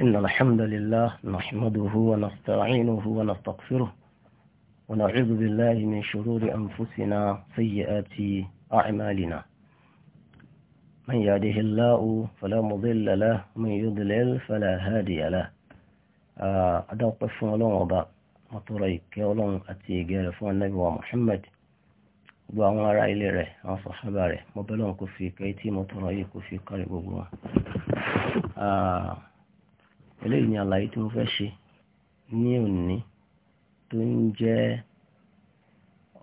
إن الحمد لله نحمده ونستعينه ونستغفره ونعوذ بالله من شرور أنفسنا سيئات أعمالنا من يهده الله فلا مضل له ومن يضلل فلا هادي له أدعو قفنا لهم وضع مطريك يولون أتيجير فون النبي محمد gbogbo àwọn ará ilé rẹ̀ àwọn sọ̀hábà rẹ̀ mọ́bẹ́lọ́n kò fi kẹ́ẹ̀tì mọ́tọ́rọ̀ yìí kò fi kárí gbogbo wọn eléyìí ni àlàyé tí mo fẹ́ ṣe ní òní tó ń jẹ́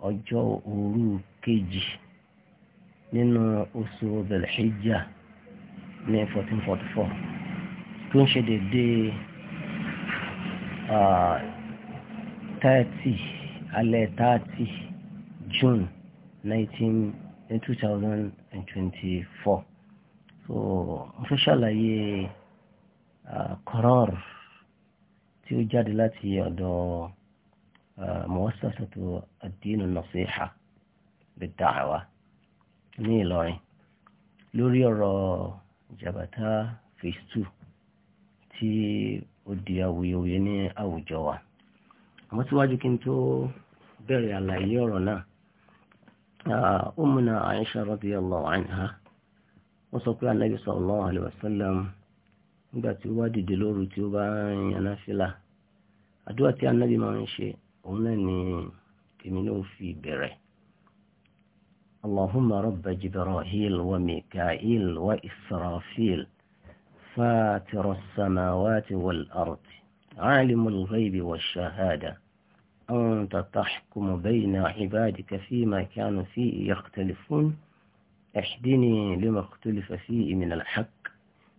ọjọ́ òru kejì nínú oṣù belhijjah ní 1444 tó ń ṣe déédéé thirty alẹ́ thirty june 19 in 2024 so mo fẹ́ ṣàlàyé. Ah, qarar tí ó jáde láti ọ̀dọ̀ ah, muwassasatu ad-din an-nasiha bid-da'wa ní Ìlọrin lórí ọ̀rọ̀ jabata phase two tí ó di awuyewuye ní àwùjọ wa àmọ́ síwájú kí n tó bẹ̀rẹ̀ àlàyé ọ̀rọ̀ náà ah, Ummuna Aisha radiyallahu anha wọ́n sọ pé Ànábì sallallahu alaihi wasallam nígbà tí ó bá dìde lóru tí ó bá ń yan nàfílà àdúrà tí anábì máa ń ṣe òun náà ni èmi náà fi bẹ̀rẹ̀ اللهم رب جبرائيل وميكائيل وإسرافيل فاتر السماوات والأرض عالم الغيب والشهادة أنت تحكم بين عبادك فيما كانوا فيه يختلفون احدني لما اختلف فيه من الحق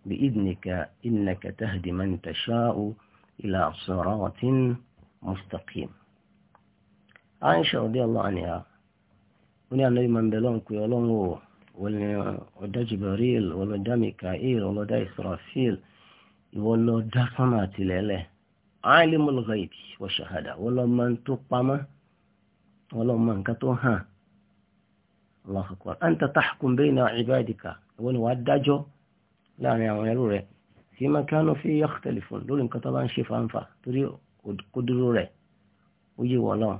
بإذنك إنك تهدي من تشاء إلى صراط مستقيم عائشة رضي الله عنها ونيا نبي من بلون كيولون ودا جبريل ودا ميكائيل ودا إسرافيل ودا فمات لله عالم الغيب والشهادة ولو من تقام ولو من كتوها الله أكبر أنت تحكم بين عبادك ولو ونوادجو láàrin àwọn ẹrú rẹ̀ fi máa kí wọ́n fi yakhtalifun lórí nǹkan tó bá ń ṣe fàǹfà torí kódúró rẹ̀ ó yé wọ́n náà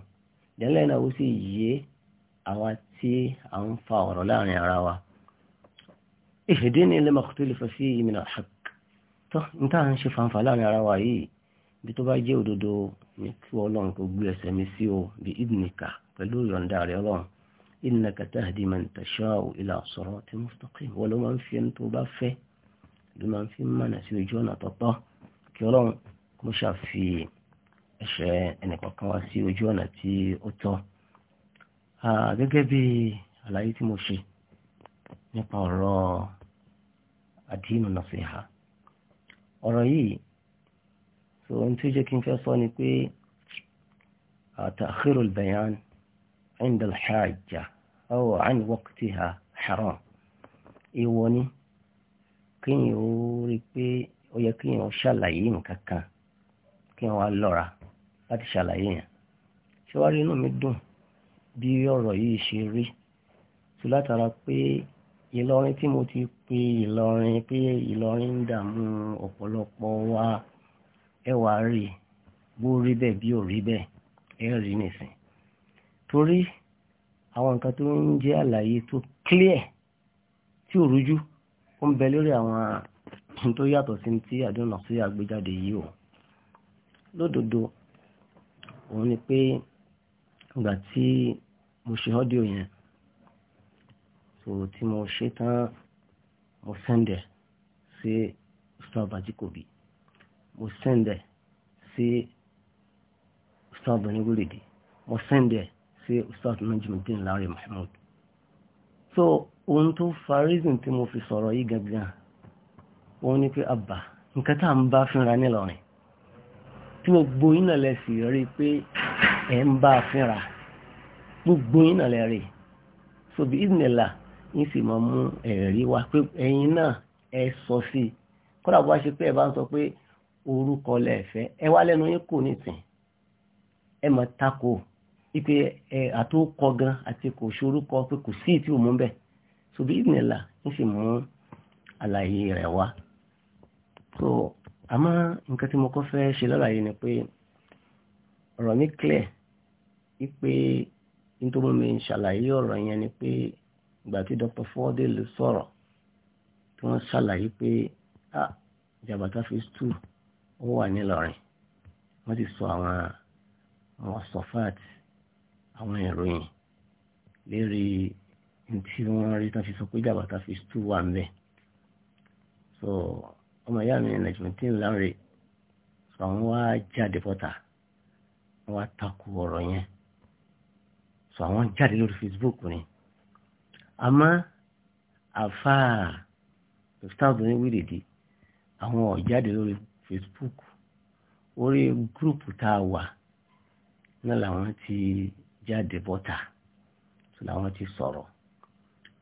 ìdánilẹ́yìn náà ó sì yé àwa tí à ń fa ọ̀rọ̀ láàrin ara wa ihdini lima ikhtalafa fihi min al-haqq tó ń tà ń ṣe fàǹfà láàrin ara wa yìí bí tó bá jẹ́ òdodo ní kí ọlọ́run kò gbé ẹsẹ̀ mi sí o bí idnika pẹ̀lú ìyọ̀ǹda rẹ̀ ọlọ́run innaka tahdi man tasha'u ila siratin mustaqim wọ́n ló máa ń fi ẹni tó bá fẹ́ ló máa fi ń mọ̀nà sí ojú ọ̀nà tọ́tọ́ kí ọlọ́run kó ṣàfi ẹ̀ṣẹ̀ ẹnìkọ̀ọ̀kan wá sí ojú ọ̀nà tí ó tọ́ gẹ́gẹ́ bí àlàyé tí mo ṣe nípa ọ̀rọ̀ àdínù nàṣìhà ọ̀rọ̀ yìí so ohun tí ó jẹ́ kí n fẹ́ sọ ni pé ta'khirul bayan inda al-hajja aw an ìwọ ni kíyìn ó rí i pé ó yẹ kíyìn ó ṣàlàyé nǹkan kan kíyìn wá lọ́ra láti ṣàlàyé yẹn ṣé wàá rí inú mi dùn bí ọ̀rọ̀ yìí ṣe rí tó látara pé Ìlọrin tí mo ti pe Ìlọrin pé Ìlọrin ń dààmú ọ̀pọ̀lọpọ̀ wa ẹ wàá rí bó rí bẹ́ẹ̀ bí ò rí bẹ́ẹ̀ ẹ rí nìsín torí àwọn nǹkan tó ń jẹ́ àlàyé tó clear tí ò rújú ó ń bẹ lórí àwọn tó yàtọ̀ sí ti àdúnà sí àgbéjáde yìí o lódodo òun ni pé ìgbà tí mo ṣe ọ́díò yẹn so tí mo ṣe tán mo sẹ́ndẹ̀ sí ustaz Ajikobi mo sẹ́ndẹ̀ sí ustaz oníwèrèdè mo sẹ́ndẹ̀ sí ustaz Najimuddin Lare Mahmood so ohun tó fa reason tí mo fi sọ̀rọ̀ yìí gangan wọ́n ní pé àbá nǹkan tá à ń bá fínra nílọrin tí gbogbo yín náà lẹ sì rí pé ẹ̀ ń bá fínra gbogbo yín lẹ rí sobi ìdìnnìlà yín sì máa mú ẹ̀rí wá pé ẹ̀yin náà ẹ sọ sí i kódà bó wá ṣe pé ẹ bá ń sọ pé orúkọ lẹ́ẹ̀fẹ́ ẹ wá lẹ́nu yín kò ní tì ẹ mọ̀ tako ipe ẹ àtòkọ gan àti kò ṣorúkọ pé kò sí ìtì òmùbẹ́ẹ̀ tòbí ìnìlà ń sì mú àlàyé rẹ̀ wá so àmọ́ nǹkan tí mo kọ́ fẹ́ ṣe lálàyé ni pé ọ̀rọ̀ mi clear wípé nítorí mi ṣàlàyé ọ̀rọ̀ yẹn ni pé ìgbà tí Dr. Fordel sọ̀rọ̀ tí wọ́n ṣàlàyé pé ah jabata phase two ó wà nílọrin wọ́n ti sọ àwọn àwọn sọfáàtì àwọn ìròyìn lérí tí wọ́n rí tán fi sọ pé jàbàtà fi tú wà ń so ọmọ ìyá mi nàìjíríà láre so àwọn wá jáde bọ́ta wọ́n wá takò ọ̀rọ̀ yẹn so àwọn jáde lórí Facebook ni àmọ́ àfáà ìfúntàbí ní wíìdìdì àwọn ọ̀jáde lórí Facebook orí gúrùpù tá a wà náà làwọn ti jáde bọ́ta so làwọn ti sọ̀rọ̀. So,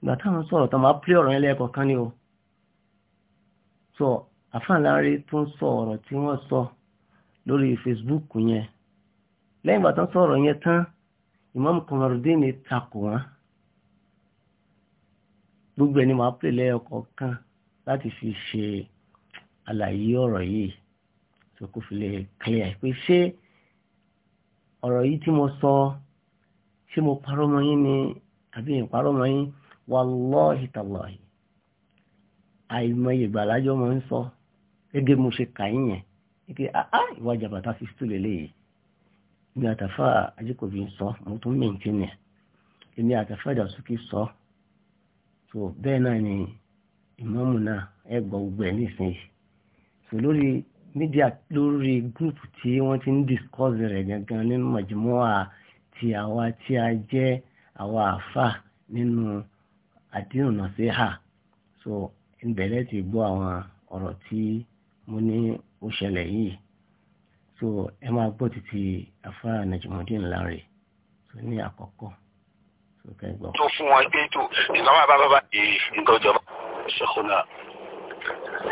ìgbà táwọn sọ̀rọ̀ tán máa pílé ọ̀rọ̀ yẹn lẹ́ẹ̀kọ̀ọ̀kan ni o sọ àfáàlárí tó ń sọ ọ̀rọ̀ tí wọ́n sọ lórí Facebook yẹn lẹ́yìn ìgbà tán sọ̀rọ̀ yẹn tán Imam Kamarudin takò wọ́n gbogbo ẹni máa pílé lẹ́ẹ̀kọ̀ọ̀kan láti fi ṣe àlàyé ọ̀rọ̀ yìí tó kò fi lè clear pé ṣé ọ̀rọ̀ yìí tí mo sọ ṣé mo parọ́ mọ́ yín ni àbí ìparọ́ mọ́ yín wàlọ́ọ̀hì A àìmọye ìgbàlájọ́ máa ń sọ ege mo se ka yẹn ike àá ìwà jàbàtà fi stúlẹ̀ léyìí ní àtàfà ajíkòbí sọ mo tún mẹ́ǹtì nìyẹn èmi atafa ìdàsókè sọ so bẹ́ẹ̀ náà ni ìmọ̀mù náà ẹ gbọ́ gbogbo ẹ̀ so lori media lori group ti ti discuss gangan ti awa ti a àdínù nàṣíhà so ìbẹ̀rẹ̀ ti gbọ́ àwọn ọ̀rọ̀ tí mo ní ó ṣẹlẹ̀ yìí so ẹ máa gbọ́ títí afá Najimudeen Lanre so ní àkọ́kọ́ so kẹgbọ́. tó fún wọn pé tó ìgbàmọ́ àbábábá di ìgbọ́jọba ṣèkúnà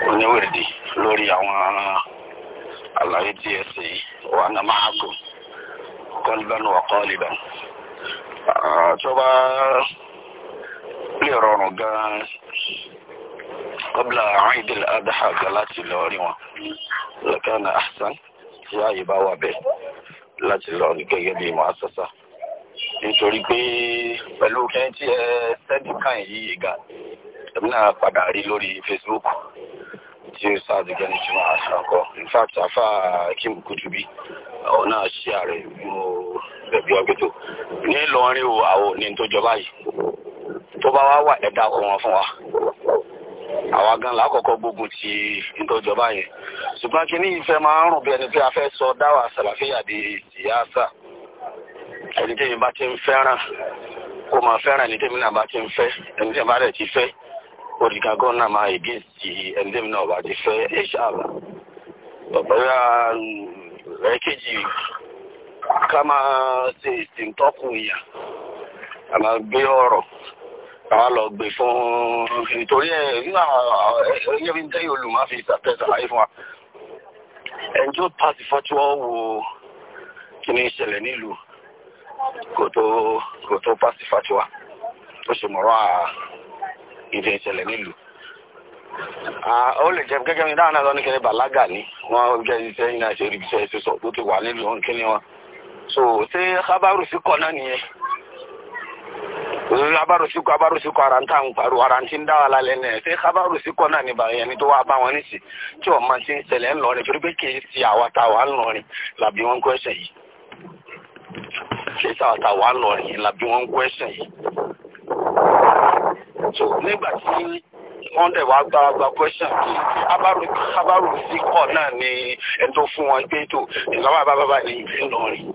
oníwèrèdè lórí àwọn àlàyé tí ẹ ṣe wà ní máàkù kọ́líbánu wà kọ́líbánu. tí bá lè rọrùn gan-an kọ́bílà àwọn ìdílé adáhà gan láti lọ rí wọn lọ́kànnà àṣán tí ààyè bá wà bẹ́ẹ̀ láti lọ rí gẹ́gẹ́ bí ìmọ̀ àṣàṣà nítorí pé pẹ̀lú kẹ́hìn tí ẹ sẹ́ẹ̀dì kan yìí ga èmi náà padà rí lórí Facebook tí ó sáà dìgbà ní jùmọ̀ àṣàkọ in fact afa kim kutubi ọ̀nà ṣí ààrẹ mo bẹ̀bí ọgbẹ́tò ní Ìlọrin o àwọn òní tó jọba yìí tó bá wá wà ẹ dákọ wọn fún wa àwa gan la kọ́kọ́ gbógun ti ìtọjọba yẹn ṣùgbọ́n kínní ìfẹ́ máa ń rùn bí ẹni pé a fẹ́ sọ dáwà sàlàfíà di tìyàsà ẹni tẹ́mi bá ti ń fẹ́ràn kó máa fẹ́ràn ẹni tẹ́mi náà bá ti ń fẹ́ ẹni tẹ́mi bá dẹ̀ ti fẹ́ olùkàgọ́ náà máa èdè sí ẹni tẹ́mi náà bá ti fẹ́ ẹ̀ṣàlà ọ̀pẹ̀rẹ̀ ẹ̀kejì ká máa ṣe ìsìntọ́kùn ìyà àmàgbé ọ̀rọ̀ àwọn lọ gbé fún nítorí ẹ nínú àwọn ẹgbẹ́ bíi tẹ́yìn olùmọ̀ fi ṣàlàyé fún wa ẹni tó pàṣẹ fọ́tíwọ́ wo kí ni ìṣẹ̀lẹ̀ nílùú kò tó kò tó pàṣẹ fọ́tíwọ́ tó ṣe mọ̀rọ̀ à ìdí ìṣẹ̀lẹ̀ nílùú. ó lè jẹ́ gẹ́gẹ́ bí dáhùn náà lọ́nà kẹ́lẹ́ bàlágà ni wọ́n jẹ́ iṣẹ́ yìí náà ṣe rí iṣẹ́ ìṣẹ́sọ̀ tó ti wà nílùú kí ni wọn. so ṣé kábàárù sí kọ̀ náà nìyẹn labaru siku abaru siku aranta ń paru aranti ń dá wa lálẹ́ nẹ̀ ṣé abaru siku náà ni bàyẹ̀ ẹni tó wá bá wọn níṣì tí wọ́n máa ti ń ṣẹlẹ̀ ńlọrin torí pé kì í ṣe àwa tá a wà ńlọrin làbí wọn kó ẹsẹ̀ yìí kì í ṣe àwa tá a wà ńlọrin làbí wọn kó ẹsẹ̀ yìí. so nígbà tí wọ́n dẹ̀ wá gba gba question kí abaru abaru siku náà ni ẹ̀ tó fún wọn pé tó ìgbà wà bá bá bá ní ìlọrin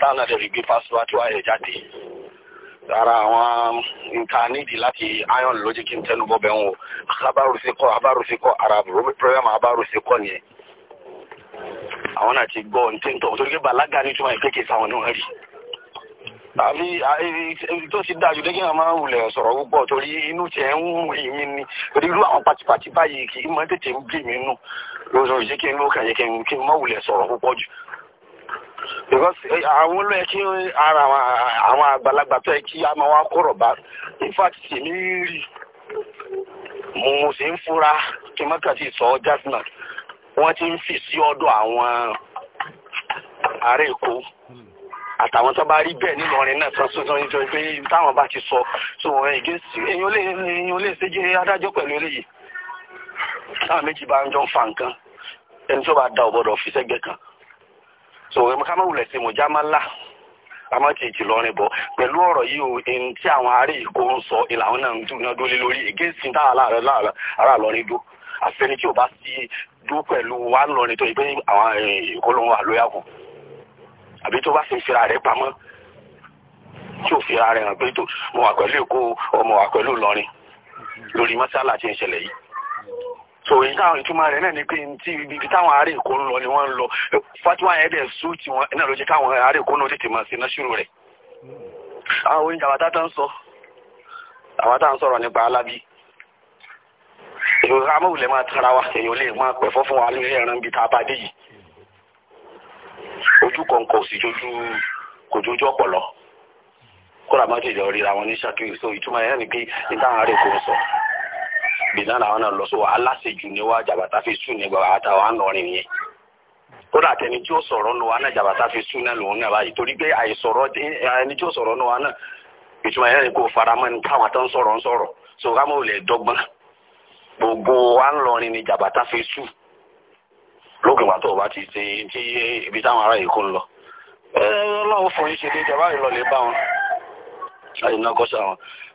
táwọn náà dẹ̀ fi gbé pásítọ̀ àti wáyé jáde. ara àwọn nka nídìí láti iron logic ń tẹnu bọ́ bẹ́ẹ̀ ń wò abárùsíkọ́ ara program abárùsíkọ́ nìyẹn àwọn náà ti gbọ́ ní balaga torí pé ní túmọ̀ ìpèkè sáwọn náà rí àbí tó ti dájú lẹ́gìn àwọn máa ń wulẹ̀ sọ̀rọ̀ púpọ̀ torí inú tiẹ̀ ń ni torí irú àwọn pàtìpàtì báyìí kì í mọ tètè ń bì mí nù lóṣooṣù kí n ló kàn because eh, àwọn ló yẹ kí ara àwọn àgbàlagbà tó yẹ kí a máa wá kọ̀rọ̀ bá in fact èmi rí mo sì ń fura kí mọ́kàtí sọ jasna wọ́n ti ń fi sí ọ̀dọ̀ àwọn ààrẹ èkó àtàwọn tó bá rí bẹ́ẹ̀ nílọrin náà sọ sọ sọ pé táwọn bá ti sọ so èyàn lè èyàn lè ṣe jẹ́ adájọ́ pẹ̀lú eléyìí táwọn méjì bá ń jọ ń fa nǹkan ẹni tó bá da ọ̀bọ̀dọ̀ fi sẹ́gbẹ̀ẹ́ kan so ká má wulẹ̀ sí mujamala àmọ́ ti ìtìlọrin bọ̀ pẹ̀lú ọ̀rọ̀ yìí o ẹni tí àwọn ará ìkó ń sọ ìlànà náà ń dùn náà dólé lórí ègéèsì tá ara lọrin dó àfẹni tí ò bá sí dó pẹ̀lú wa ń lọrin tó ìgbé àwọn ìkó ló ń wà lóyà kù àbí tó bá sì ń fira rẹ̀ pamọ́ tí ò fira rẹ̀ hàn pé tó mo wà pẹ̀lú ìkó ọmọ wà pẹ̀lú ìlọrin lórí mọ́sálà tí ń ṣẹlẹ̀ yìí so èyí táwọn ìtumọ̀ rẹ̀ náà ni pé tí ibi táwọn ará èkó ń lọ ni wọ́n ń lọ fatiwa yẹn dẹ̀ sú tí wọ́n náà ló jẹ́ káwọn ará èkó náà tètè máa ṣe iná ṣúrò rẹ̀. àwọn oúnjẹ àwọn táwọn sọ àwọn táwọn sọ̀rọ̀ nípa alábí èyí amóhùn lè máa tara wa èyí ò lè máa pẹ̀fọ́ fún wa lórí ẹran bíi tá a bá dé yìí ojú kọ̀ǹkọ̀ sì jojú kò jojú ọ̀pọ̀lọ kó bìnnà làwọn náà lọ sọ aláṣejù ni wá jàbàtà fi sùn ní gbàgbà àtàwọn ànọrin yẹn kódà àtẹni tí ó sọ̀rọ̀ nù wá náà jàbàtà fi sùn náà lòun náà báyìí torí pé àìsọ̀rọ̀ ẹni tí ó sọ̀rọ̀ nù wá náà ìtumọ̀ yẹn ni kò faramọ́ ní káwọn tó ń sọ̀rọ̀ ń sọ̀rọ̀ so kámọ́ ò lè dọ́gbọ́n gbogbo ànlọrin ni jàbàtà fi sùn lókè wà tó o bá ti ṣe tí ibi táwọn ará èkó ń lọ ẹ ọlọ́run fún yín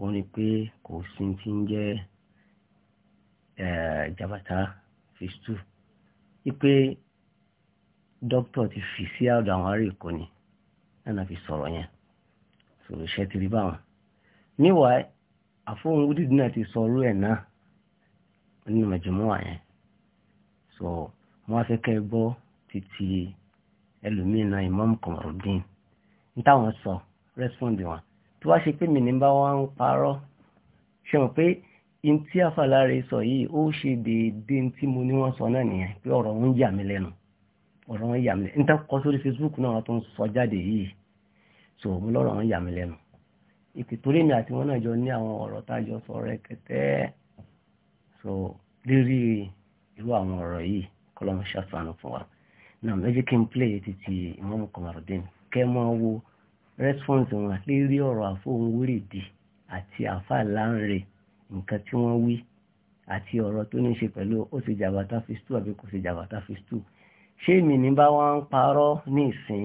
òun ni pé kò sí ti ń jẹ́ jabata phase two wípé dókítà ti fi sí àdó àwọn ará èkó ni náà fi sọ̀rọ̀ yẹn sọ̀rọ̀ iṣẹ́ ti rí báwọn níwàá àfọwọ́n wúdìdì náà ti sọ orú ẹ̀ náà nínú mẹ̀jọ̀mọ́ àyẹn so wọ́n á fẹ́ kẹ́ ẹ gbọ́ títí ẹlòmíín náà Imam Komarudin ní táwọn sọ rẹ́spọ́ǹdì wọn tó wá ṣe pé mi ní bá wọn ń parọ́ ṣe mọ̀ pé in tí àfàláre sọ yìí ó ṣe déédéé tí mo ní wọ́n sọ náà nìyẹn pé ọ̀rọ̀ ń yà mí lẹ́nu ọ̀rọ̀ ń yà mí lẹ́nu níta kọ sórí Facebook náà wọ́n tó ń sọ jáde yìí so mo lọ́rọ̀ ń yà mí lẹ́nu ìpè torí mi àti wọn náà jọ ní àwọn ọ̀rọ̀ tá a jọ sọ rẹ̀kẹ̀tẹ̀ so lérí irú àwọn ọ̀rọ̀ yìí kọ́lọ́mù ṣàfihàn fún wa náà ẹ jẹ́ kí n play títí Imam Kamarudin kẹ́ mọ́ wo response wọn lérí ọ̀rọ̀ àfọ̀húnwérèdè àti àfàlànrè nǹkan tí wọ́n wí àti ọ̀rọ̀ tó ní ṣe pẹ̀lú ó ṣe jàbàtà phase two àbí kò ṣe jàbàtà phase two ṣé èmi bá wọn ń parọ́ ní ìsìn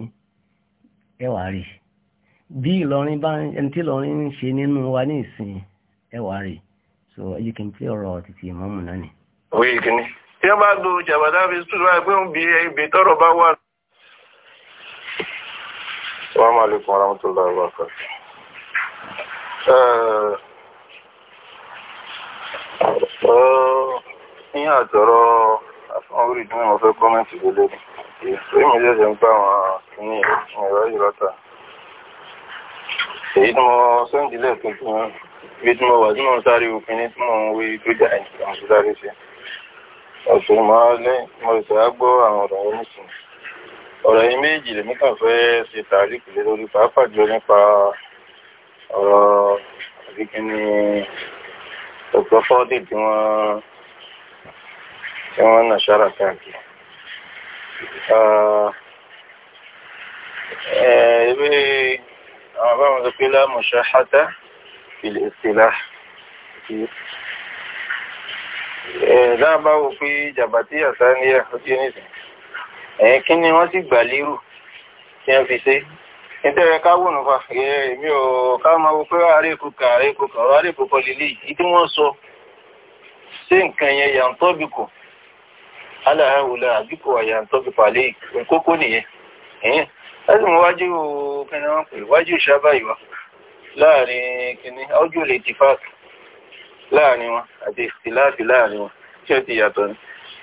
ẹwà rè bí Ìlọrin bá ẹni tí Ìlọrin ń ṣe nínú wa ní ìsìn ẹwà rè so you can play ọ̀rọ̀ títí ìmọ̀mù náà ni. òye kìíní tí wọ́n bá lo jàbàtà phase two wáyé pé ń bi ibi tọ́rọ̀ Assalamu alaikum warahmatullahi wabarakatuh. Ní eh, àtọ̀rọ̀ eh, eh, afọ́n orí ìdúnmọ̀ mo fẹ́ kọ́mẹ́ntì gbogbo. Èyí mi jẹ́ ń pa àwọn kìíní ẹ̀rọ yìí lọ́ta. Èyí tí mo sẹ́ǹdì lẹ́ẹ̀kan tí wọ́n gbé tí mo wà tí mo ń sáré òfin ní tí mo ń wé tó jà ní ìjọba sáré sí. Ọ̀sẹ̀ mọ́ lẹ́yìn mo sì ọ̀rọ̀ yìí méjì lèmi kàn fẹ́ ṣe tàríkì lé lórí pàápàá jọ nípa ọ̀rọ̀ àbíkíní ọ̀pọ̀ fọ́ọ̀dì tí wọ́n tí wọ́n nà ṣára káàkiri. Ewé àwọn àbáwọn sọ pé láàmù ṣáhátá ilẹ̀ ìsìlá. Dáàbá wo pé jàbàtí àsáníyà ó dé nìsín. ẹ̀yìn kí ni wọ́n sì gbà lérò tí wọ́n fi ṣe ìtẹ́rẹ káwò nùfà èmi ò káàmà wo pé àrékùkà àrékùkà ọ̀rọ̀ lílé yìí tí wọ́n sọ ṣé nǹkan yẹn yàǹtọ́bìkù aláhàwùlà àbíkù àyàǹtọ́bìkù àlẹ́ ìkókó nìyẹn ẹ̀yìn láàrin wọn àti láàrin wọn tí ó ti yàtọ̀ ni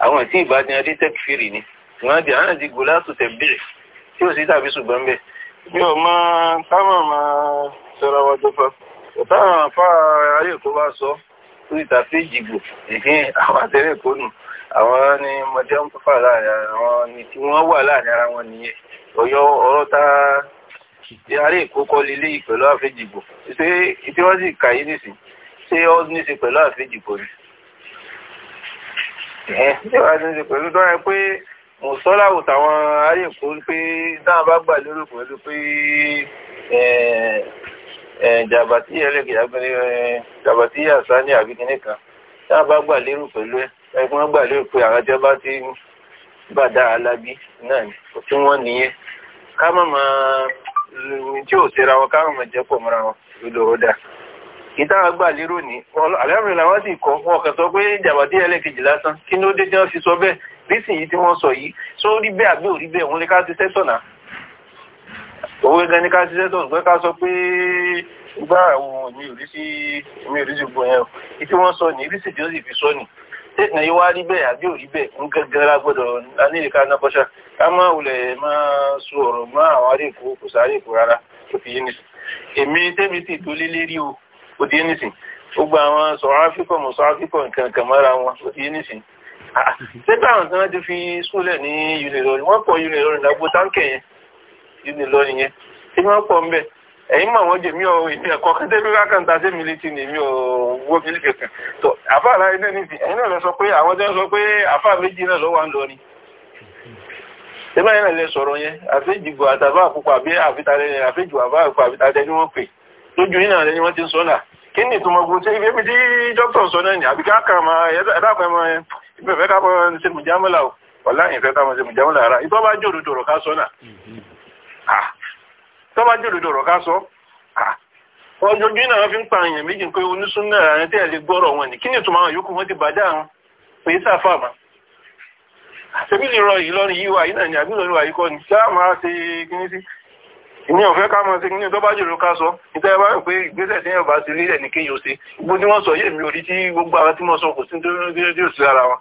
àwọn ìtí ni ṣùgbọ́n di àná di gòlá tó tẹ̀ bíi tí ò sí tàbí ṣùgbọ́n bẹ́ẹ̀. mi ò mọ táwọn ọmọ sọra wọn tó fọ táwọn afá ayé tó bá sọ tó ìta péjì ìpín àwọn àtẹ̀rẹ̀ kó nù àwọn ni mọ̀tẹ́ ń fà láàrin àwọn ni tí wọ́n wà láàrin ara wọn nìyẹn ọ̀yọ́ ọ̀rọ̀ tá ti aré èkó kọ́ lé léyìí pẹ̀lú àfẹ́jìgbò ṣé tí wọ́n sì kà yí nìsín ṣé ó ní ṣe pẹ̀lú àfẹ́jìgbò ni. ẹ ṣé wàá ní ṣe pẹ̀lú tó rẹ pé mùsọ́láwò táwọn ayé kò rí pé dáhùn bá gbà lérò pẹ̀lú pé jàbàtí ẹlẹ́gẹ̀ẹ́jàbàtí àṣà ní àbíkíní kan dáhùn bá gbà lérò pẹ̀lú ẹ ẹgbọ́n gbà lérò pé àwọn jẹ́ bá ti bàdá alábí náà ni tí wọ́n nìyẹn ká mọ̀ mọ́ tí ò ṣera wọn ká mọ̀ mọ́ jẹ́ pọ̀ mọ́ra wọn lọ́rọ̀ dáa ìtara gbà lérò ní alẹ́rìn làwọn sì kọ́ wọn kàn sọ pé jàbàtí ẹlẹ́kejì lásán kí ló dé tí fi sọ bẹ́ẹ̀ nísìnyí tí wọ́n sọ yìí só rí bẹ́ẹ̀ àbí òrí bẹ́ẹ̀ òun lè ká ti sẹ́tọ̀ náà owó gan ni ká ti sẹ́tọ̀ ṣùgbọ́n ká sọ pé gbá àwọn mi ò rí sí mi ò rí sí gbogbo yẹn o ìtí wọ́n sọ ní rísì tí ó sì fi sọ nì tẹ́tì náà yóò wá rí bẹ́ẹ̀ àbí òrí bẹ́ẹ̀ ń gẹ́gẹ́ la gbọ́dọ̀ anílẹ̀ká náà kọ́ṣà ká má wulẹ̀ máa sọ ọ̀rọ̀ mọ́ àwọn aréèkó kò sáré èkó rárá tó fi yé nìsín èmi tẹ́mi sì tó lé lérí o kò dé nìsín gbogbo àwọn sọ̀rọ̀ áfíkọ̀ mọ̀ sọ̀rọ̀ áfíkọ̀ nǹkan kan mọ́ra wọn kò fi yé nìsín sígbà àwọn kan ti fi skúlẹ̀ ní Unilorin wọ́n pọ̀ Unilorin lágbo táǹkẹ̀ yẹn Unilorin yẹn tí wọ́n pọ̀ ńbẹ̀ ẹ̀yìn mọ̀ wọ́n jẹ́ mi ò èmi ẹ̀kọ́ kan débi bá kàn ta sí mi létí ni mi ò wó mi létí kan tó àfààrà iná ní ti ẹ̀yìn náà lọ sọ pé àwọn tó ń sọ pé àfàà méjì náà ló wà ń lọ ni tẹ́lá yẹn lẹ sọ̀rọ̀ yẹn àfẹ́jìgbò àtàbà àpòpọ̀ àbí àfitalẹ̀ àfẹ́jù àbá àpò àfitalẹ̀ ni wọ́n pè lójú yìí náà lẹ́ni wọ́n ti ń sọ náà kí ni ìtumọ̀ gbogbo tí ibi tí dókítà sọ náà ni àbíká kà máa ẹ̀dá ìfẹ́fẹ́ kápọ̀ ṣe mùjámọ́lá o ọ̀lá ìfẹ́ kápọ̀ ṣe mùjámọ́lá ara ìtọ́ bá jòdò dòrò ká sọ náà tọ́ bá jòdò dòrò ká sọ ọjọ́jú náà fi ń pa èèyàn méjì pé onísúnà ààrẹ tẹ́ lè gbọ́rọ̀ wọn ni kí ni ìtumọ̀ àwọn yòókù wọn ti bàjá àwọn pé sáfà mà àtẹ́bí lè rọ yìí lọ́rin yíwa yìí náà ni àbí lọ́rin wàyí kọ́ ni kí á máa ṣe kíní sí ìní ọ̀fẹ́ ká máa ṣe kíní tó bá jòdò ká sọ nítorí bá rò pé ìgbésẹ̀ tí yẹn bá ti lílẹ̀ ní kéyìí ó ṣe gbogbo tí wọ́n sọ yé mi orí tí gbogbo àwọn tí wọ́n sọ kò sí ní tó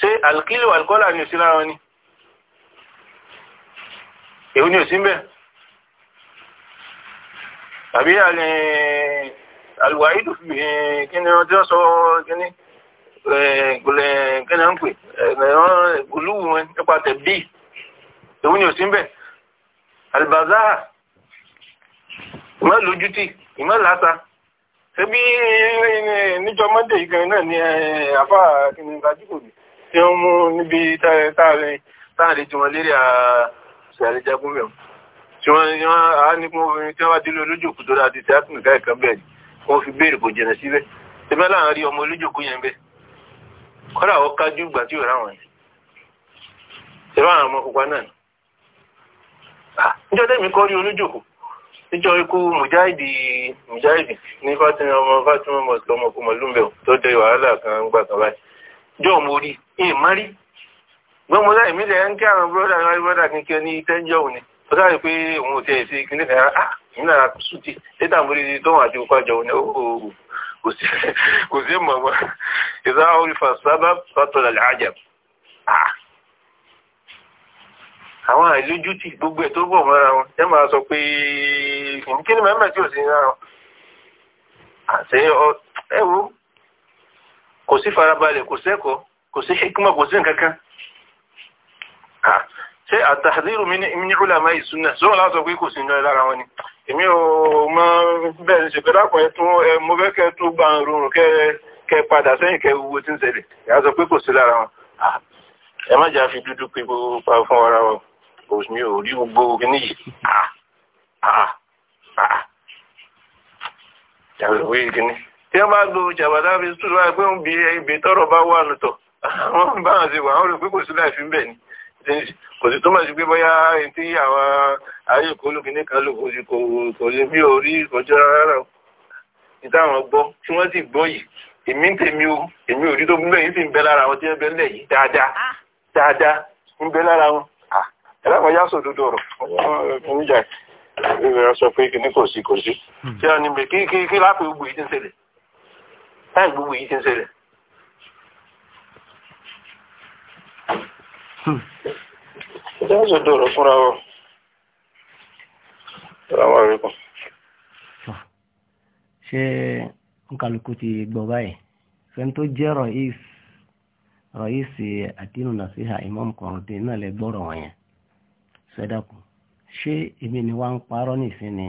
ṣé alkílù alkọ́là ni ò sí lára wọn ni èwo ni ò sí ń bẹ̀ tàbí alùwàídù fi eh, kí ni ọjọ́ sọ kí ni eh, eh, kí ni ó ń pè olúwu wọn nípa tẹ̀bí ni ò sí ń ìmọ̀ lójútì ìmọ̀ lásà ṣe bí níjọ mọ́dé ìgbẹ̀rún náà ni àfáà kí ni gbajú tí ó mú níbi táàrin táàrin tí wọ́n lérí àṣàrí jagunmẹ̀ tí wọ́n á ní kún obìnrin tí wọ́n bá délé olójòkú tó dáa di tí a tún nìkan ẹ̀kan bẹ́ẹ̀ wọ́n fi béèrè kò jẹ̀nà síbẹ̀ tí bẹ́ẹ̀ láàrin rí ọmọ olójòkú yẹn bẹ́ẹ̀ kọ́dà ó kájú ìgbà tí ò ráwọn yìí tí wọ́n jọ mo rí èèmọ́ rí gbọ́mọ nke mí lẹ́yìn kí àwọn bọ́dà nke bọ́dà kankan ní tẹ́ńjọ́ òní ó sáré pé òun ò tiẹ̀ sí kíní ẹ̀ á nínú àrà sùtì létà mo rí i tó ah. wọn àti òkú àjọ òní kò àwọn gbogbo tó wọn ẹ máa sọ pé tí ò kò sí farabalẹ̀ kò sẹ́kọ̀ọ́ kò sí hikima kò sí nǹkankan ṣe àtàdírù mi ní ulama ìsúnà sọ wọ́n láti pé kò sí ìjọra lára wọn ni èmi ò mọ bẹ́ẹ̀ ní ṣèpẹ́ lápọ̀ ẹ̀ tún ẹ mo fẹ́ kẹ́ tó gba rọrùn kẹ́ padà sẹ́yìn kẹ́ wo tí ń ṣẹlẹ̀ ìyá sọ pé kò sí lára wọn ẹ má jà fi dúdú pé gbogbo pa fún ara wọn kò mi ò rí gbogbo kíní yìí yàrá ìwé kíní tí wọ́n bá lo jàbàdá fi sùn wáyé pé ń bi ibi tọ́rọ̀ bá wà nùtọ̀ àwọn bá wọn ṣe wà wọ́n rò pé kò sí láì ń bẹ̀ ni kò sì túmọ̀ sí pé bóyá tí àwọn ayé ìkólókìní kan lò kò lè bí orí ìkọjọ́ rárá ìtàwọn gbọ́ tí wọ́n sì gbọ́ yìí èmi ń tèmi o èmi ò rí tó gúnlẹ̀ yìí sì ń bẹ lára wọn tí wọ́n bẹ lẹ̀ yìí dáadáa ah. dáadáa ń bẹ lára wọn ah, ẹ̀rọ àwọn yá sòdodo ọ̀rọ̀ ọ̀rọ̀ ìjà ìrẹsọ pé kìnnìkò sí kò sí tí hmm. wọ́n ní kí lápẹ̀ gbogbo yìí ti ń ṣẹlẹ̀ táyì gbogbo yìí ti ń ṣẹlẹ̀. ìjọba hmm. ṣe dòrò fúnra wọn. Assalamu alaikum. Ah. ṣé nkàlùkù ti gbọ́ báyìí fẹ́ni tó jẹ́ rọ̀ís rọ̀ísì àdínú nàṣíhà imam kọ̀ọ̀dé náà lè gbọ́rọ̀ wọn yẹn sẹ́dàkù ṣé èmi ni wá ń parọ́ nìsín ni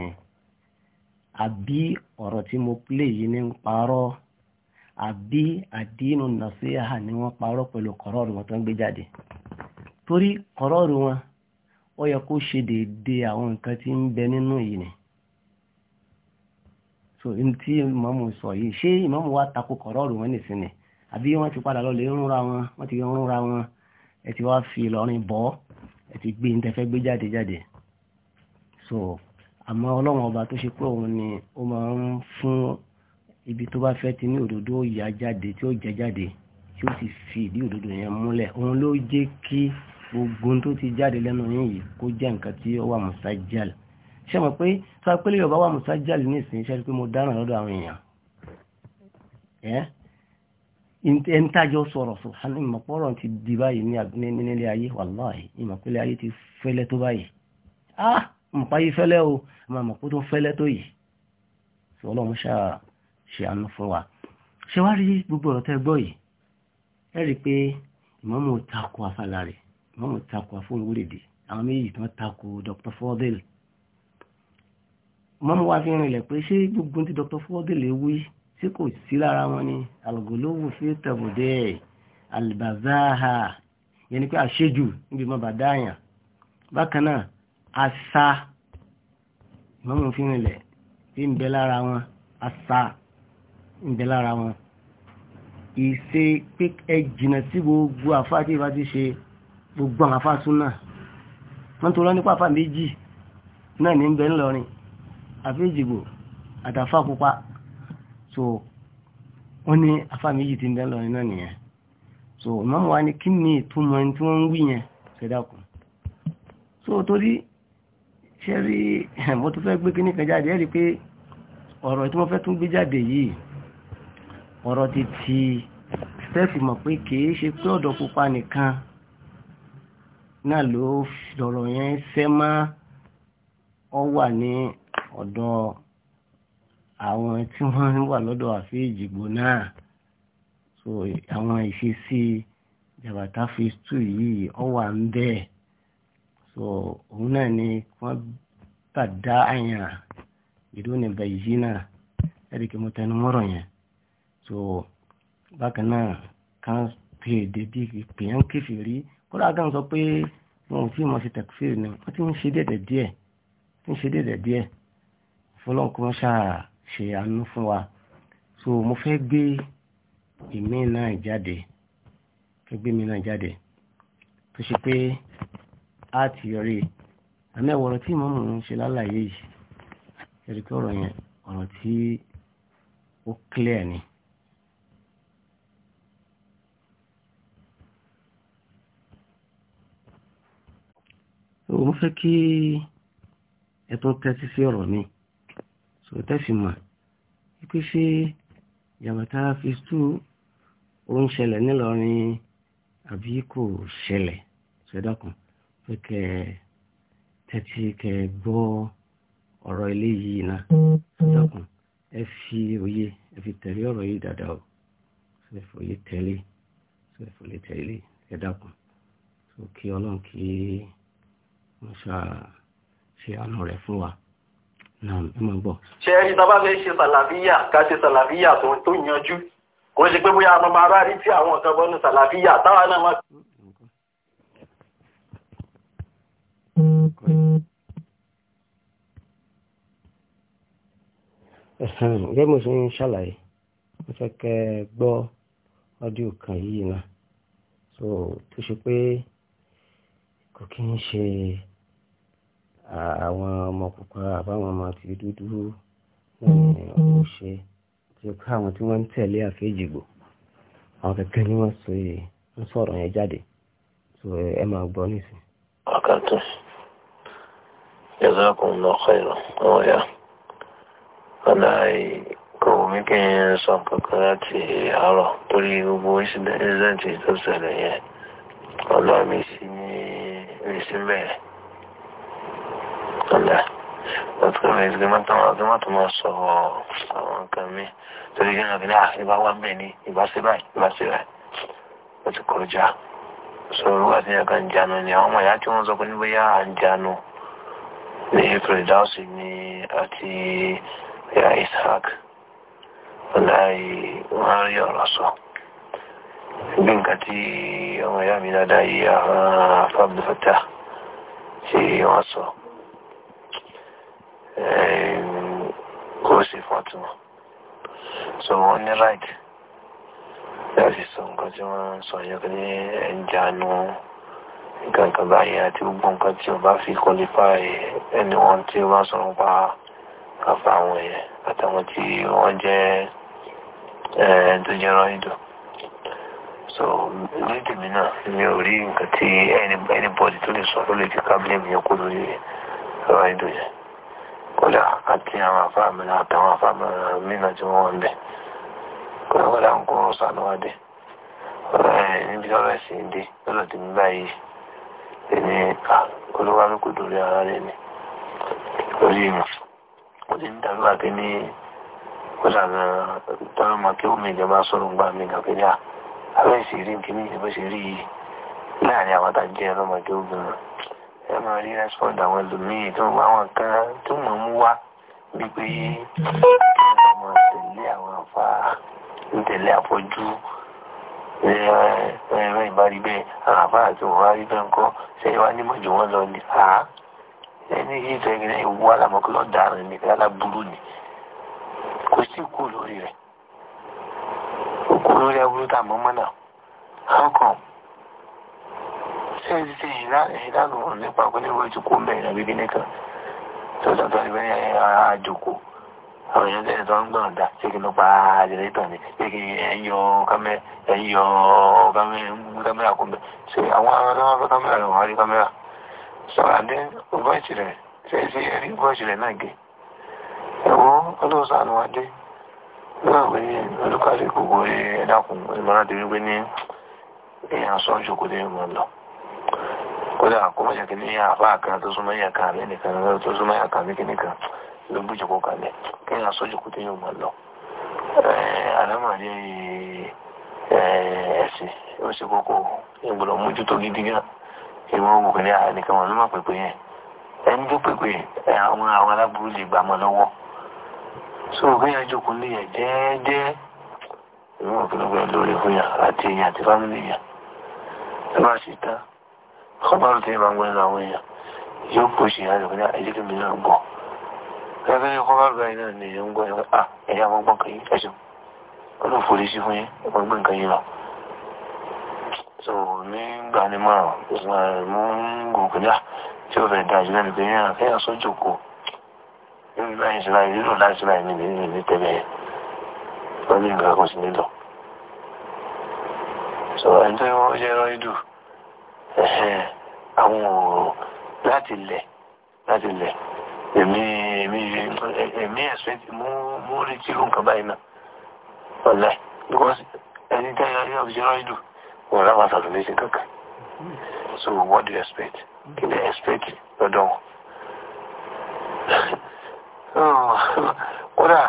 àbí ọ̀rọ̀ tí mo plé yìí ní ń parọ́ àbí àdínú nàṣíhà ni wọ́n parọ́ pẹ̀lú kọ̀rọ́ọ̀rù wọn tó ń gbé jáde torí kọ̀rọ́ọ̀rù wọn ó yẹ kó ṣe déédé àwọn nǹkan tí ń bẹ nínú yìí so n tí ìmọ̀mù sọ yìí ṣé ìmọ̀mù wa tako kọ̀rọ́ọ̀rù wọn nìsín ni àbí wọ́n ti padà lọ lè rúnra wọn wọ́n ti wọn ẹ ti wá fi Ìlọrin bọ́ ẹ ti gbé ní tẹfẹ́ gbé jáde jáde so àmọ́ ọlọ́run ọba tó ṣe pé òun ni ó máa ń fún ibi tó bá fẹ́ ti ní òdodo yà jáde tí ó jẹ jáde tí ó sì fi ìdí òdodo yẹn múlẹ̀ òun ló jẹ́ kí gbogbo tó ti jáde lẹ́nu yín yìí kó jẹ́ nǹkan tí ó wà musajjal ṣe mọ̀ pé tó apélé yorùbá wà musajjal ní ìsìn iṣẹ́ pé mo dáràn lọ́dọ̀ àwọn èèyàn ẹ́ ẹ̀ńtájọ́ sọ̀rọ̀ sùhánù ìmọ̀pọ̀rọ̀ ti di báyìí ní abúlé ayé wàláhì ìmọ̀pẹ́lẹ̀ ayé ti fẹ́lẹ́ tó báyìí ah mọ̀páyé fẹ́lẹ́ o àmọ́ mọ̀pó tó fẹ́lẹ́ tó yìí sọlọ́mùṣáà ṣe àánú fún wa ṣé wá rí gbogbo ọ̀rọ̀ tẹ́ gbọ́ yìí ẹ rí i pé ìmáàmù takò afálà rẹ̀ ìmáàmù takò afóńwúrèdè àwọn méjì tí wọ́n takò Dr. Fordel ìmáàmù wa fi rìnlẹ̀ pé ṣé gbogbo tí Dr. Fordel wí tí kò sí lára wọn ni alugolowo fi tẹ̀bùdẹ́ alibazaha yẹn ni pé àṣejù níbi mọ́ bàdá àyàn bákan náà àṣà ìmáàmù fi rìnlẹ̀ tí ń bẹ lára wọn àṣà ń bẹ lára wọn ìṣe pé ẹ jìnà sí gbogbo àfáà tí ìbá ti ṣe gbogbo àwọn àfáà súnà wọ́n tó lọ nípa àfáà méjì náà ní ń bẹ ńlọrin àfẹ́jìgbò àtàfà pupa so wọ́n ní àfáà méjì ti ń bẹ ńlọrin náà nìyẹn so ìmọ̀mù wa ni kí ni ìtumọ̀ tí wọ́n ń wí yẹn ṣẹ̀dákùn so torí ṣe rí mo tún fẹ́ gbé kíní kan jáde ẹ́ rí pé ọ̀rọ̀ tí wọ́n fẹ́ tún gbé jáde yìí ọ̀rọ̀ ti ti stẹ́ẹ̀fì mọ̀ pé kìí ṣe pé ọ̀dọ̀ pupa nìkan náà ló lọ̀rọ̀ yẹn ṣẹ́ má ọ wà ní ọ̀dọ̀ àwọn tí wọ́n wà lọ́dọ̀ àfi náà so àwọn ìṣesí jàbàtà phase two yìí ọ wà ń so òun náà ni wọ́n bàdá àyàn ìdúnìbẹ̀yì náà ẹ̀ríkì mo tẹnu mọ́rọ̀ yẹn. so bákan náà kan pè èdè bí pèyàn kéfì rí kódà kan sọ pé wọn ò tí ì mọ sí tẹkifíìrì ni wọn ti ń ṣe dẹ̀dẹ̀ díẹ̀ ti ń ṣe dẹ̀dẹ̀ díẹ̀ fọlọ́n kí wọ́n ṣáà ṣe àánú fún wa so mo fẹ́ gbé ìmí náà jáde fẹ́ gbé mi náà jáde tó ṣe pé a ti yọrí àmì ẹ̀wọ̀rọ̀ tí ìmọ̀mù ń ṣe lálàyé yìí ẹ̀rí pé ọ̀rọ̀ yẹn ọ̀rọ̀ tí ó clear ni òun fẹ́ kí ẹ tún tẹ́tí sí ọ̀rọ̀ mi sọ̀rọ̀ tẹ́sí mọ̀ wípé ṣé jàmọ̀tá phase two ó ń ṣẹlẹ̀ nílọrin àbí kò ṣẹlẹ̀ ṣẹ́dọ̀kan pé kẹ́ tẹ́tí kẹ́ gbọ́ ọ̀rọ̀ ilé yìí náà ṣẹ́dọ̀kan ẹ fi òye ẹ fi tẹ̀lé ọ̀rọ̀ yìí dáadáa o ṣe fòye tẹ̀lé ṣe fòye tẹ̀lé ṣẹ́dọ̀kan kí ọlọ́run kí wọ́n ṣá ṣe àánú rẹ̀ fún wa náà ẹ máa gbọ́. ṣe ẹni tá a bá fẹ́ ṣe sàlàfíà ká ṣe sàlàfíà tó yanjú kò ṣe pé bóyá ọmọ ará rí tí àwọn kan bọ́nu sàlàfíà táwa náà máa. gẹ́gẹ́ mo ṣe ń ṣàlàyé mo fẹ́ kẹ́ ẹ gbọ́ ọ́díò kan yìí náà tó ṣe pé kò kí ń ṣe àwọn ọmọ pupa àbáwọn ọmọ ti dúdú ó mm, mm. ṣe tí ó ká àwọn tí wọ́n ń tẹ̀lé àfẹ́jìgbò àwọn kẹ̀kẹ́ ni wọ́n sọ yìí ń sọ̀rọ̀ yẹn jáde tó ẹ máa gbọ́ nísìn. wákàtí jazakumullahu khairan wọn yá ọ̀nà kò mí kí n sọ kankan láti àárọ̀ torí gbogbo incident tó ṣẹlẹ̀ yẹn ọlọ́mi sí ní ìsinmi rẹ̀ tó dá lọ́tọ́ rẹ̀ ìgbé máa tó máa sọ àwọn nǹkan mi torí gẹ́gẹ́ bí náà ìbá wà mẹ́ ní ìbáṣe báyìí ìbáṣe báyìí ó ti kọjá sọ wíwà tí yẹn kan jánu ni àwọn ọmọ ìyá tí wọ́n sọ pé níbo yá à ń jánu ní fèrèdáùsì ni àti ìyá Isaac ọláì wọ́n rí ọ̀rọ̀ sọ bí nǹkan tí ọmọ ìyá mi dáadáa yìí àwọn afábùfẹ́tà tí wọ́n sọ. kò sí fọ́tún so wọ́n ní right láti sọ nǹkan sọ nǹkan kan báyìí àti gbogbo nǹkan tí o bá fi qualify ẹni wọn tí sọ nípa àwọn èèyàn àtàwọn tí ẹni tó so lórí tèmi náà mi ò rí nǹkan tí tó kódà àti àwọn afáàmìnà àtàwọn afáàmìnà mìíràn tí wọ́n ń bẹ̀ kódà kódà ń kúrò sànúwádé ọ̀rọ̀ ẹ̀ níbi ọ̀rọ̀ ẹ̀sìn dé lọ́dọ̀ tí mi báyìí ẹni olúwa mi ara rẹ̀ ni lórí ìmọ̀ ó ti ń dàbí wà pé ní na tọ́lọ́ mọ kí omi ìjọba sọ̀rọ̀ ń gbà a gàn pé láàrin àwọn obìnrin ẹ máa rí rẹ́sọ̀dù àwọn ẹlòmíì tó àwọn kan tó mọ̀ ń wá wípé ẹ máa tẹ̀lé àwọn afá ń tẹ̀lé àfọ́jú ẹ̀rọ ìbárí bẹ́ẹ̀ àwọn afá àti òun wá rí bẹ́ẹ̀ ńkọ́ ṣé wá ní mọ̀jù wọn lọ ní àá ẹni yìí tó ẹgbẹ́ ìwú alámọ̀kọ́lọ́ dàrún ní aláburú ni kò sí kú lórí rẹ̀ kú lórí aburú tá a mọ̀ mọ́ náà how come sai ji sai hira hira ga wannan ba ku ne wai ji ko mai na bibi ne ka to da ta ribe ne a joko àwọn èèyàn tẹ̀lé tó ń gbọ̀n dá ṣé kí ló pa jẹ̀rẹ̀tọ̀ ni ṣé kí ẹ̀yọ kámẹ́rà ẹ̀yọ kámẹ́rà kò bẹ̀ ṣe àwọn ará tó wọ́n fẹ́ kámẹ́rà rẹ̀ wọ́n rí kámẹ́rà sọ̀rọ̀ àdé voice rẹ̀ ṣe é ṣe rí voice rẹ̀ náà gé ẹ̀wọ́ olóòsàn àná wa dé náà pé olùkàlẹ̀ gbogbo ẹ̀dá kùn ìmọ̀ràn tèmi pé ní èèyàn sọ́ọ́ jókòó lé ìmọ̀ lọ. kódà ya mọ̀ ṣàkíní àbá kan tó súnmọ́ yà kan àmì nìkan lọ́dọ̀ tó súnmọ́ yà kan àmì nìkan ló bú ìjòkó kalẹ̀ kí n àsọ́jú kú tó yóò mọ̀ lọ. àlámàdé ẹ̀sìn ó ṣe kókó ìgbọ̀dọ̀ mójútó gidi gan ìwọ̀n òwò kan ní àníkan wọn ló má pèpè yẹn ẹni ya kọ́bárù tí ìbá ń gbẹ́nu àwọn èèyàn yóò pòṣì ìyá rẹ̀ pé ẹjẹ́ kí mi náà gbọ́ lọ́sẹ̀ ní kọ́bárù báyìí náà ni èèyàn ń gbọ́ ẹ̀rọ à ẹ̀yà àwọn gbọ́n kan yìí ẹ̀sùn ọlọ́ fòrí sí fún yín ẹ̀mọ́ gbọ́n kan yìí lọ. so nígbà ní márùn mú gòkè náà ah, tí ó fẹ́ da ìjìnlẹ̀ nípa yín àfẹ́ àwọn òòrùn láti lẹ̀ láti lẹ̀ èmi èmi èmi ẹ̀sùn ti mú mú rí tí ó ń kàn báyìí náà ọ̀lẹ́ because ẹni tẹ́ ẹni ọ̀gbìnrin ìdù wọ́n rá wọn sàtúnlé sí kankan so what do you expect kí ni expect lọ́dọ̀ wọn. Oh, kódà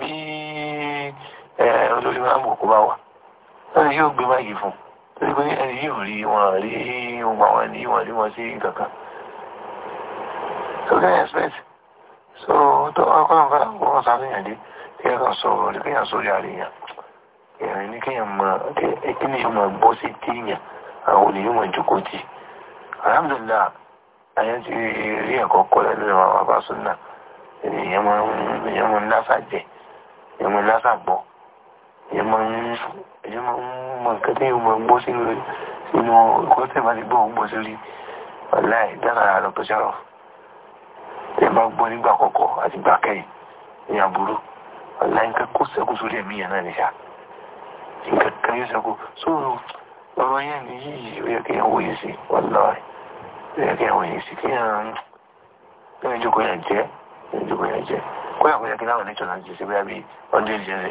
bí eh, olórí máa ń bò kó bá wà yóò gbé báyìí fún un pé ẹni yìí ò rí wọn rí ohun àwọn ẹni wọn rí wọn sí kankan so kẹ́yìn expect so tó ọkọ̀ nǹkan kó wọ́n sàfihàn dé kí ẹ̀ka sọ̀rọ̀ ní kéèyàn sórí àríyàn ìrìn ní kéèyàn mọ kí ni yóò máa bọ́ sí téèyàn àwọn ènìyàn máa jókòó tì alhamdulillah àyàn ti rí ẹ̀kọ́ kọ́ lẹ́nu àwọn abásùn náà ènìyàn máa ń lásà jẹ ènìyàn máa ń gbọ́ èyàn máa ń èyàn máa ń mọ nǹkan tí yóò máa gbọ́ sínú sínú nǹkan tí ìbáṣe gbọ́ gbọ́ sórí ọ̀láì dára lọ tó ṣàrọ̀ tẹ́ bá gbọ́ nígbà àkọ́kọ́ àti gbà kẹ́yìn ní àbúrò ọ̀láì nǹkan kó sẹ́kù sórí ẹ̀mí yẹn náà nìṣà nǹkan kan yóò sẹ́kù sóòrò ọ̀rọ̀ yẹn ni yìí ó yẹ kéèyàn wòye sí wàláì ó yẹ kéèyàn wòye sí kéèyàn kéèyàn jókòó jókòó yẹn jẹ́ kódà kó yẹ kí láwọn nature náà ti ṣe bóyá hundred years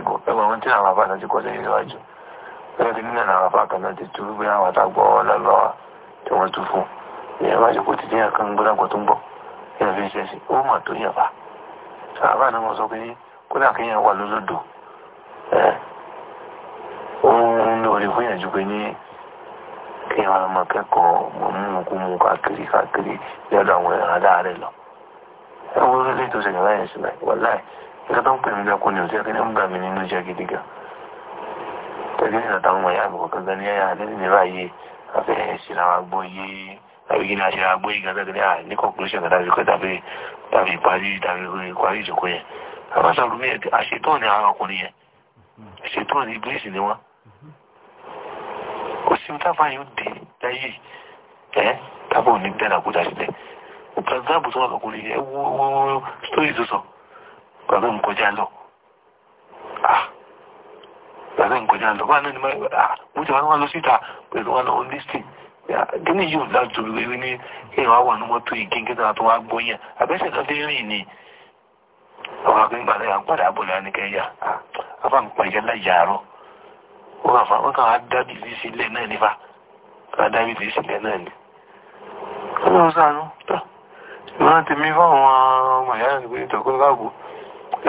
ago ẹgbẹ́ wọn tí àwọn afáàná ti kọ́ sẹ́yìn síwájú bóyá kí nínú àwọn afáàkà náà ti tú bóyá àwọn àtàgbọ́ ọlọ́lọ́wà tí wọ́n tú fún ìyẹn bá ṣe kó ti dín àkàn gbọ́dàgbọ́ tó ń bọ̀ ìyẹn fi ṣe sí ó mà tó yẹ̀ bá àbá náà mo sọ pé kódà kí yẹn wà lólódò ẹ ó ń fún yẹn pé ní kí yẹn máa ẹwọ́n lórí tó ṣẹlẹ̀ láyé ṣẹlẹ̀ wà láì nǹkan tó ń pè mí lẹ́kùn ni ò jẹ́ kí ní ń bà mí nínú jẹ́ gidi gan tẹ́lẹ̀ ní àtàwọn ọmọ ìyá àbùkù kankan ní ẹ̀yà àti ní báyìí afẹ́ ṣìlá wa gbọ́ yé tàbí kí ní a ṣìlá gbọ́ yé gan tẹ́lẹ̀ à ní conclusion kan tàbí tàbí tàbí parí tàbí parí ìjòkó yẹn àwọn sọ̀rọ̀ mi àṣetọ́ ni àwọn ọkùnrin yẹn àṣetọ́ ni ibùsùn ni wọ́n kò sí tábà yóò dé láyé ẹ́ tábà ò ní dẹ́nà kúta sílẹ̀ kàzáàbù tó wà lọ́kùnrin yẹn wọ́wọ́wọ́ sítórì tó sọ bàbá mi kọjá lọ bàbá ah. mi kọjá lọ báà náà ni ah, mo ti wá lọ síta pẹ̀lú wọn lọ lísìn ah, kíní yóò dájú lórí ní ẹ̀rọ àwọn àwọn mọ́tò igi nígbà tó wá gbọ́ yẹn abẹ́sẹ̀ kan fi rìn ni àwọn akẹ́gbà náà ń padà bọ̀ lẹ́yìn kẹ́yà afa ń pa ìyá láyà àárọ̀ wọ́n àfa wọ́n kàn á dábì sí sílẹ̀ náà nípa kàn á dábì sí sílẹ̀ náà ni. ọlọ́run sáà nù tán máa tèmi fáwọn ọmọ ìyá rẹ̀ pé ìtọ̀kùn káàbù ah, ṣé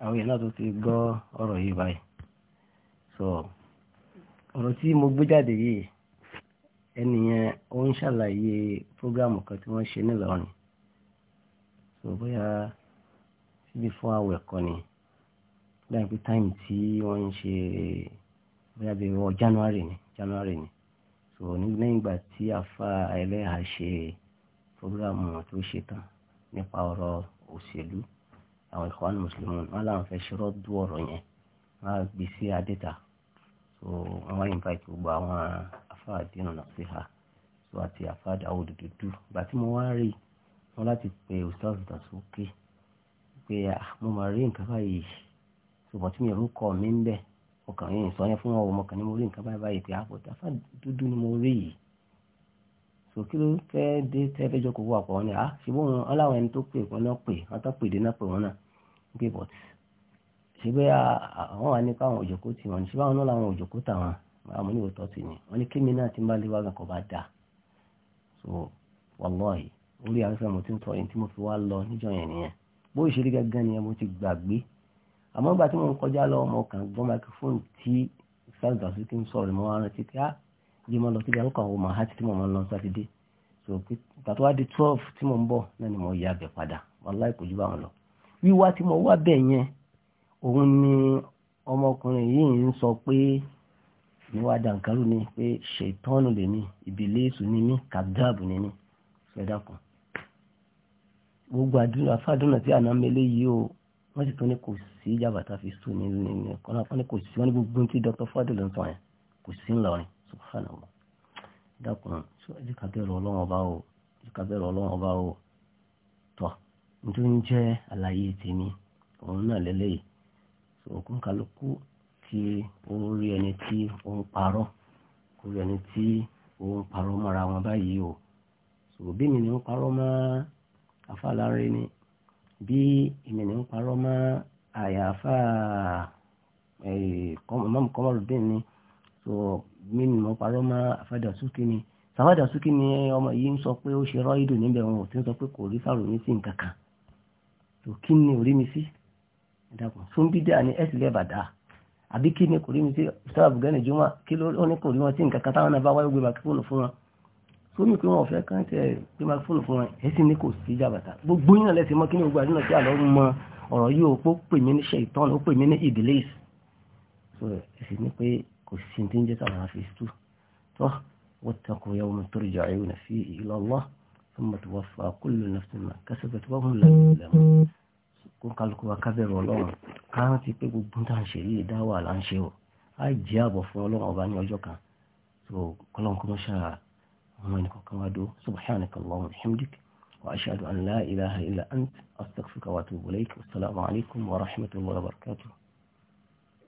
àwọn èèyàn náà tó ti gbọ́ ọ̀rọ̀ yìí báyìí so ọ̀rọ̀ tí mo gbé jáde yìí ẹnìyẹn ó ń ṣàlàyé prógrámù kan tí wọ́n ṣe nílọrin so bóyá síbi fún àwẹ̀ kan ni báyìí pé táìmù tí wọ́n ń ṣe bóyá bí wọ́n january ni january ni so ní lẹ́yìn ìgbà tí afa ẹlẹ́hà ṣe programu tó ṣe tán nípa ọ̀rọ̀ òṣèlú àwọn Ikhwan Muslimun wọn làwọn fẹ́ ṣe rọ́dú ọ̀rọ̀ yẹn wọn á gbé sí adẹ́ta so wọn wá invite gbogbo àwọn afa àdínà náà sí ha so àti afa Dawud Dudu ìgbà tí mo wá rí wọn láti pe Ustaz Dasuki pé ah, mo máa rí nǹkan báyìí ṣùgbọ́n tí mi rú kọ mi ń bẹ̀ ọkàn yìí sọ yẹn fún ọwọ́ ọmọkàn ni mo rí nǹkan báyìí báyìí pé àpò ah, tàfà dúdú ni mo rí yìí so kí ló fẹ́ dé tẹ́ fẹ́ jókòó wà pọ̀ ni à ah, ṣe bóun aláwọ̀ ẹni tó pè wọn náà pè wọn tó pè dé náà pè wọn náà gbé bọ̀ ṣe bẹ́ àwọn wà nípa àwọn òjòkó tí wọn ṣe báwọn náà làwọn òjòkó tàwọn àwọn oníwò tọ́ sí ni wọn ni kí mi náà ti ń bá léwá gan kò bá dáa so wàlọ́ọ̀yì orí àwọn ìfẹ́ mo ti ń tọ́ ẹni tí mo fi wá lọ níjọ́ yẹn nìyẹn bó ìṣeré gángan nìyẹn mo ti gbàgbé àmọ́ ìgbà tí mo ń kọjá lọ ọmọ kan gbọ́ microphone tí south africa ti ń sọ̀rọ̀ mọ́ ara ti pé á ah, yé mo lọ síbi alukọ̀ àwọn mahad tí mo máa ń lọ sátidé so pàtó wá di twelve tí mo ń bọ̀ náà ni mo yà bẹ̀ padà wàláì kò jù bá wọn lọ wíwá tí mo wá bẹ̀ yẹn òun ni ọmọkùnrin yìí ń sọ pé níwá dankaru ni pé ṣètọ́nù lè ní ìbílẹ̀ṣù ní ní kàdáàbù ní ní ṣẹ́dá kan gbogbo àdúrà fàdúnà tí àná mẹ́lẹ́ yìí o wọ́n sì tún ní kò sí jàbàtà fi sùn ní ní kọ́nà kan ní kò sí wọ́n ní gbogbo tí dr fadil ń sọ yẹn kò sí ńlọrin subhanallah dákun ẹjẹ ká bẹ̀rù ọlọ́run ọba o ẹjẹ ká bẹ̀rù ọlọ́run ọba o tọ́ nítorí ń jẹ́ àlàyé tèmi òun náà lélẹ́yìí òkun kálukú tí ó rí ẹni tí ó parọ́ kò rí ẹni tí ó parọ́ mọ́ra wọn báyìí o òbí mi ni ń parọ́ mọ́ afáàlárin ni bí ìmìnì ń parọ́ mọ́ àyàfà Imam Kamaluddin ni so mí ni mo parọ́ mọ́ àfàdàsókè ni sàfàdàsókè ni ọmọ yìí ń sọ pé ó ṣe rọ́ìdù níbẹ̀ wọn ò ti ń sọ pé kò rí sàròyìn sí nǹkan kan so kí ni ò rí mi sí ẹ̀dàkùn fún bídà ni ẹ̀sì lẹ́bàdà àbí kí ni kò rí mi sí sábà bùgẹ́nì jùmọ̀ kí ló ní kò rí wọn sí nǹkan kan táwọn náà bá wáyé gbé bàkẹ́kọ̀ọ́ fún wọn sómi pé wọn ò fẹ́ kán tẹ pé máa fóònù fún wọn ẹ sì ní kò sí jàbàtà gbogbo yín náà lẹ́sìn mọ́ kí ní gbogbo àdúrà tí àlọ́ mọ ọ̀rọ̀ yìí ó pè mí ní ṣèitán ó pè mí ní ìdílés so ẹ sì ní pé kò sí ní jẹ́ tàwọn àfi tú tó wattaqu yawman turja'una fihi ila Allah thumma tuwaffa kullu nafsin ma kasabat wa hum la yuzlamun kó kálukú wa kábẹ̀rù ọlọ́run káwọn pé gbogbo tá à ń ṣe yìí dáwà là ń ṣe o á jẹ́ àbọ̀ fún ọlọ́run ọba ní ọjọ́ kan so kọ́lọ́n ومنك كما دو سبحانك اللهم وبحمدك واشهد ان لا اله الا انت استغفرك واتوب اليك والسلام عليكم ورحمه الله وبركاته